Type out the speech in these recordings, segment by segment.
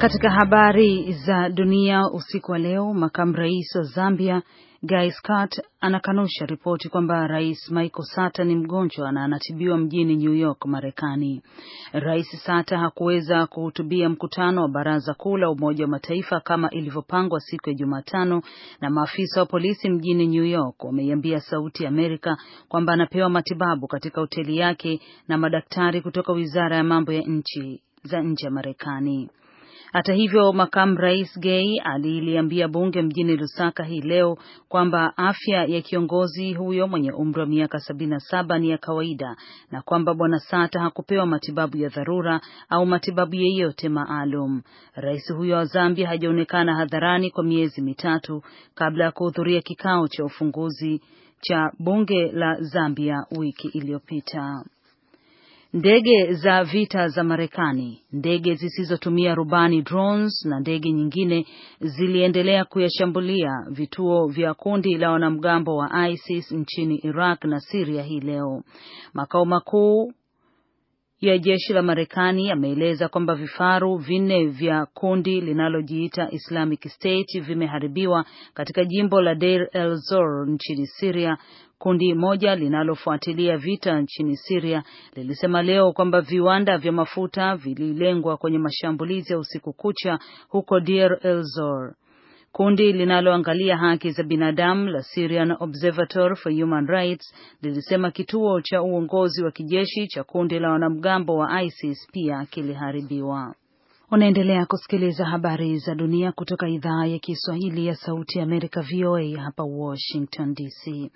Katika habari za dunia usiku wa leo, makamu rais wa Zambia Guy Scott anakanusha ripoti kwamba rais Michael Sata ni mgonjwa na anatibiwa mjini New York, Marekani. Rais Sata hakuweza kuhutubia mkutano wa baraza kuu la Umoja wa Mataifa kama ilivyopangwa siku ya Jumatano, na maafisa wa polisi mjini New York wameiambia Sauti Amerika kwamba anapewa matibabu katika hoteli yake na madaktari kutoka wizara ya mambo ya nchi za nje ya Marekani. Hata hivyo, makamu rais Gay aliliambia bunge mjini Lusaka hii leo kwamba afya ya kiongozi huyo mwenye umri wa miaka saba ni ya kawaida na kwamba bwana Sata hakupewa matibabu ya dharura au matibabu yeyote maalum. Rais huyo wa Zambia hajaonekana hadharani kwa miezi mitatu kabla ya kuhudhuria kikao cha ufunguzi cha bunge la Zambia wiki iliyopita. Ndege za vita za Marekani, ndege zisizotumia rubani drones, na ndege nyingine ziliendelea kuyashambulia vituo vya kundi la wanamgambo wa ISIS nchini Iraq na Siria hii leo. Makao makuu ya jeshi la Marekani yameeleza kwamba vifaru vinne vya kundi linalojiita Islamic State vimeharibiwa katika jimbo la Deir el Zor nchini Syria Kundi moja linalofuatilia vita nchini Siria lilisema leo kwamba viwanda vya mafuta vililengwa kwenye mashambulizi ya usiku kucha huko Deir ez-Zor. Kundi linaloangalia haki za binadamu la Syrian Observatory for Human Rights lilisema kituo cha uongozi wa kijeshi cha kundi la wanamgambo wa ISIS pia kiliharibiwa. Unaendelea kusikiliza habari za dunia kutoka idhaa ya Kiswahili ya Sauti ya Amerika, VOA hapa Washington DC.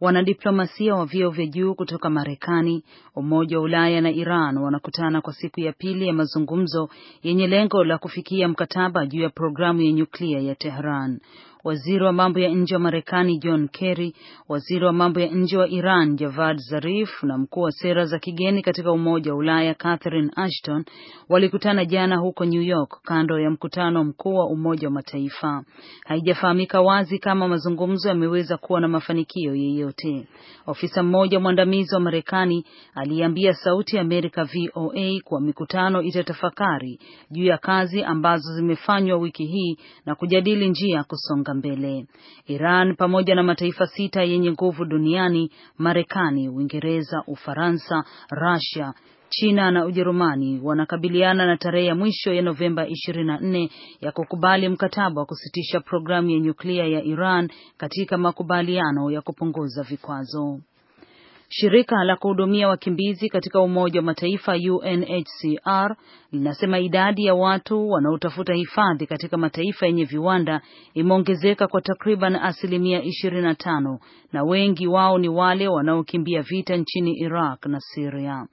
Wanadiplomasia wa vyeo vya juu kutoka Marekani, Umoja wa Ulaya na Iran wanakutana kwa siku ya pili ya mazungumzo yenye lengo la kufikia mkataba juu ya programu ya nyuklia ya Tehran waziri wa mambo ya nje wa Marekani John Kerry, waziri wa mambo ya nje wa Iran Javad Zarif na mkuu wa sera za kigeni katika Umoja wa Ulaya Catherine Ashton walikutana jana huko New York kando ya mkutano mkuu wa Umoja wa Mataifa. Haijafahamika wazi kama mazungumzo yameweza kuwa na mafanikio yeyote. Ofisa mmoja mwandamizi wa Marekani aliambia Sauti ya Amerika VOA kuwa mikutano itatafakari juu ya kazi ambazo zimefanywa wiki hii na kujadili njia ya kusonga kusonga mbele. Iran pamoja na mataifa sita yenye nguvu duniani, Marekani, Uingereza, Ufaransa, Russia, China na Ujerumani wanakabiliana na tarehe ya mwisho ya Novemba 24 ya kukubali mkataba wa kusitisha programu ya nyuklia ya Iran katika makubaliano ya kupunguza vikwazo. Shirika la kuhudumia wakimbizi katika Umoja wa Mataifa UNHCR linasema idadi ya watu wanaotafuta hifadhi katika mataifa yenye viwanda imeongezeka kwa takriban asilimia 25 na wengi wao ni wale wanaokimbia vita nchini Iraq na Syria.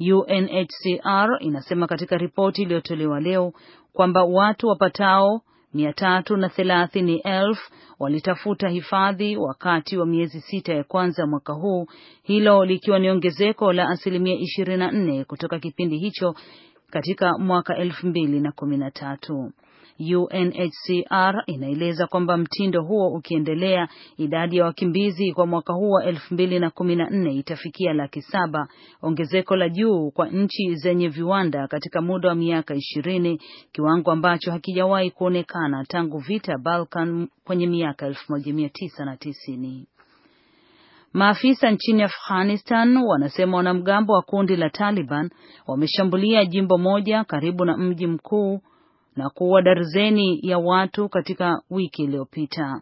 UNHCR inasema katika ripoti iliyotolewa leo kwamba watu wapatao mia tatu na thelathini elfu walitafuta hifadhi wakati wa miezi sita ya kwanza mwaka huu, hilo likiwa ni ongezeko la asilimia 24 kutoka kipindi hicho katika mwaka elfu mbili na kumi na tatu. UNHCR inaeleza kwamba mtindo huo ukiendelea, idadi ya wakimbizi kwa mwaka huu wa 2014 itafikia laki saba, ongezeko la juu kwa nchi zenye viwanda katika muda wa miaka ishirini, kiwango ambacho hakijawahi kuonekana tangu vita Balkan kwenye miaka 1990. Maafisa nchini Afghanistan wanasema wanamgambo wa kundi la Taliban wameshambulia jimbo moja karibu na mji mkuu na kuua darzeni ya watu katika wiki iliyopita.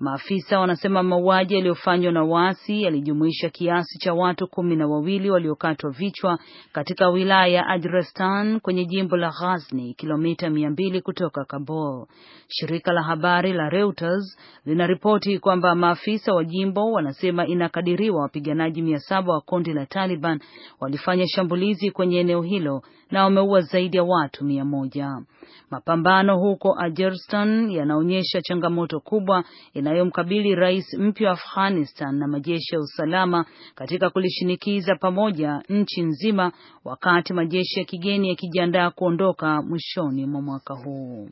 Maafisa wanasema mauaji yaliyofanywa na waasi yalijumuisha kiasi cha watu kumi na wawili waliokatwa vichwa katika wilaya ya Adrestan kwenye jimbo la Ghazni, kilomita mia mbili kutoka Kabul. Shirika la habari la Reuters linaripoti kwamba maafisa wa jimbo wanasema inakadiriwa wapiganaji mia saba wa kundi la Taliban walifanya shambulizi kwenye eneo hilo na wameua zaidi ya watu mia moja. Mapambano huko Ajerstan yanaonyesha changamoto kubwa inayomkabili rais mpya wa Afghanistan na majeshi ya usalama katika kulishinikiza pamoja nchi nzima, wakati majeshi ya kigeni yakijiandaa kuondoka mwishoni mwa mwaka huu.